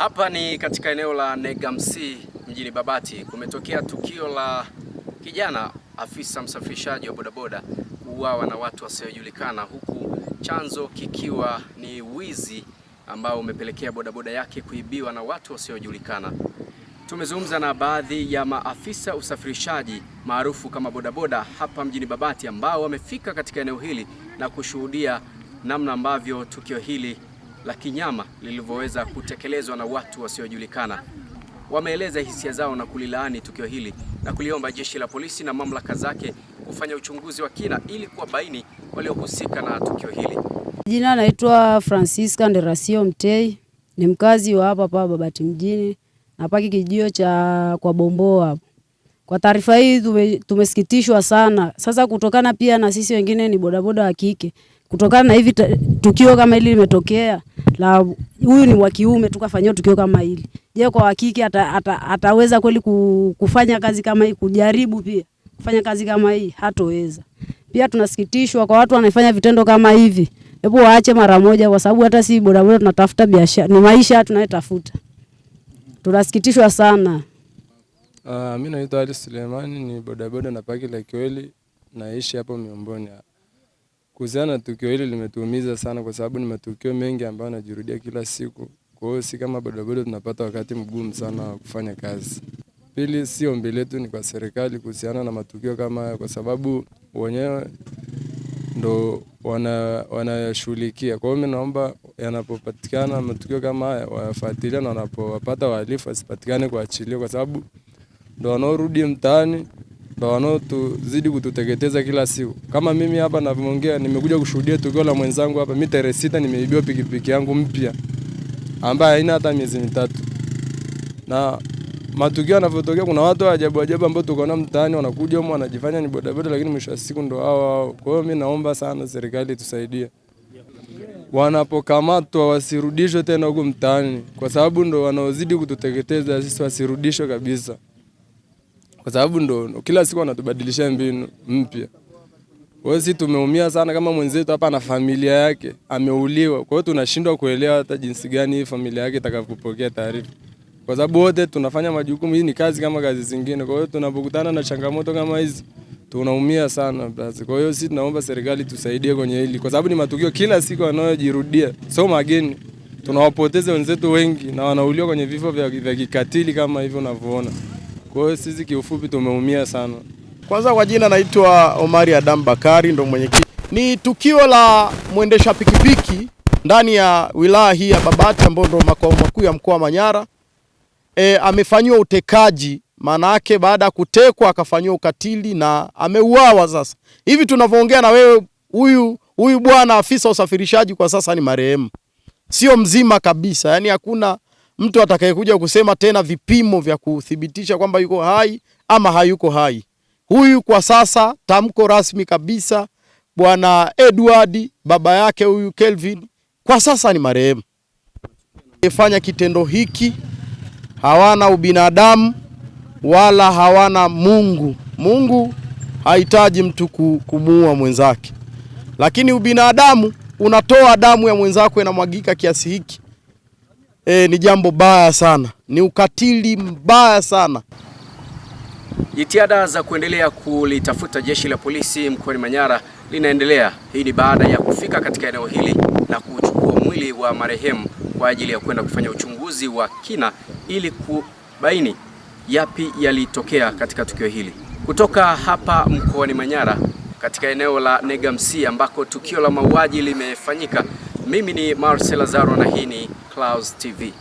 Hapa ni katika eneo la Negamsi mjini Babati, kumetokea tukio la kijana afisa msafirishaji wa bodaboda kuuawa na watu wasiojulikana, huku chanzo kikiwa ni wizi ambao umepelekea bodaboda yake kuibiwa na watu wasiojulikana. Tumezungumza na baadhi ya maafisa usafirishaji maarufu kama bodaboda hapa mjini Babati ambao wamefika katika eneo hili na kushuhudia namna ambavyo tukio hili la kinyama lilivyoweza kutekelezwa na watu wasiojulikana. Wameeleza hisia zao na kulilaani tukio hili na kuliomba jeshi la polisi na mamlaka zake kufanya uchunguzi wa kina ili kuwabaini waliohusika na tukio hili. Jina naitwa Francisca Nderasio Mtei, ni mkazi wa hapa hapa Babati mjini, napaki kijio cha kwa Bomboa hapo. Kwa taarifa hii tumesikitishwa sana. Sasa kutokana pia na sisi wengine ni bodaboda wa kike, kutokana na hivi tukio kama hili limetokea, la huyu ni wa kiume, tukafanyia tukio kama hili. Je, kwa hakika ata, ata, ataweza kweli kufanya kazi kama hii? Kujaribu pia kufanya kazi kama hii hatoweza. Pia tunasikitishwa kwa watu wanafanya vitendo kama hivi, hebu waache mara moja, kwa sababu hata si bodaboda, tunatafuta biashara, ni maisha tunayotafuta. Tunasikitishwa sana. Uh, ah, mimi naitwa Ali Sulemani, ni bodaboda na paki la Kiweli, naishi hapo Miomboni. Kuhusiana na tukio hili limetuumiza sana kwa sababu ni matukio mengi ambayo yanajirudia kila siku. Kwa hiyo si kama bodaboda tunapata wakati mgumu sana wa kufanya kazi. Pili, si ombi letu ni kwa serikali kuhusiana na matukio kama haya, kwa sababu wenyewe ndo wanayashughulikia. Kwa hiyo mi naomba yanapopatikana matukio kama haya wayafuatilia, na wanapowapata wahalifu wasipatikane, kuachiliwa, kwa sababu ndo wanaorudi mtaani wanaotuzidi kututeketeza kila siku. Kama mimi hapa navyoongea, nimekuja kushuhudia tukio la mwenzangu hapa. Mimi tarehe sita nimeibiwa pikipiki yangu mpya ambayo haina hata miezi mitatu, na matukio yanavyotokea, kuna watu wa ajabu ajabu ambao tuko nao mtaani, wanakuja huko wanajifanya ni bodaboda, lakini mwisho wa siku ndo hao hao. Kwa hiyo mimi naomba sana serikali tusaidie, wanapokamatwa wasirudishwe tena huko mtaani, kwa sababu ndo wanaozidi kututeketeza sisi, wasirudishwe kabisa kwa sababu ndo kila siku anatubadilisha mbinu mpya. Kwa hiyo sisi tumeumia sana kama mwenzetu hapa na familia yake ameuliwa. Kwa hiyo tunashindwa kuelewa hata jinsi gani hii familia yake itakavyopokea taarifa, kwa sababu wote tunafanya majukumu. Hii ni kazi kama kazi zingine, kwa hiyo tunapokutana na changamoto kama hizi tunaumia sana basi. Kwa hiyo sisi tunaomba serikali tusaidie kwenye hili, kwa sababu ni matukio kila siku yanayojirudia, sio mageni. Tunawapoteza wenzetu wengi na wanauliwa kwenye vifo vya, vya kikatili kama hivyo unavyoona. Kwa hiyo sisi kiufupi tumeumia sana. Kwanza kwa jina naitwa Omari Adam Bakari, ndo mwenyekiti. Ni tukio la mwendesha pikipiki ndani ya wilaya hii ya Babati ambayo ndo makao makuu ya mkoa wa Manyara. E, amefanyiwa utekaji, maana yake baada ya kutekwa akafanyiwa ukatili na ameuawa. Sasa hivi tunavyoongea na wewe, huyu huyu bwana afisa usafirishaji kwa sasa ni marehemu, sio mzima kabisa, yani hakuna mtu atakayekuja kusema tena vipimo vya kuthibitisha kwamba yuko hai ama hayuko hai. Huyu kwa sasa tamko rasmi kabisa, bwana Edward baba yake huyu Kelvin kwa sasa ni marehemu. Efanya kitendo hiki, hawana ubinadamu wala hawana Mungu. Mungu hahitaji mtu kumuua mwenzake, lakini ubinadamu unatoa damu ya mwenzako inamwagika kiasi hiki e, ni jambo baya sana, ni ukatili mbaya sana. Jitihada za kuendelea kulitafuta jeshi la polisi mkoani Manyara linaendelea. Hii ni baada ya kufika katika eneo hili na kuchukua mwili wa marehemu kwa ajili ya kwenda kufanya uchunguzi wa kina ili kubaini yapi yalitokea katika tukio hili. Kutoka hapa mkoani Manyara katika eneo la Negamsi ambako tukio la mauaji limefanyika. Mimi ni Marcel Lazaro na hii ni Clouds TV.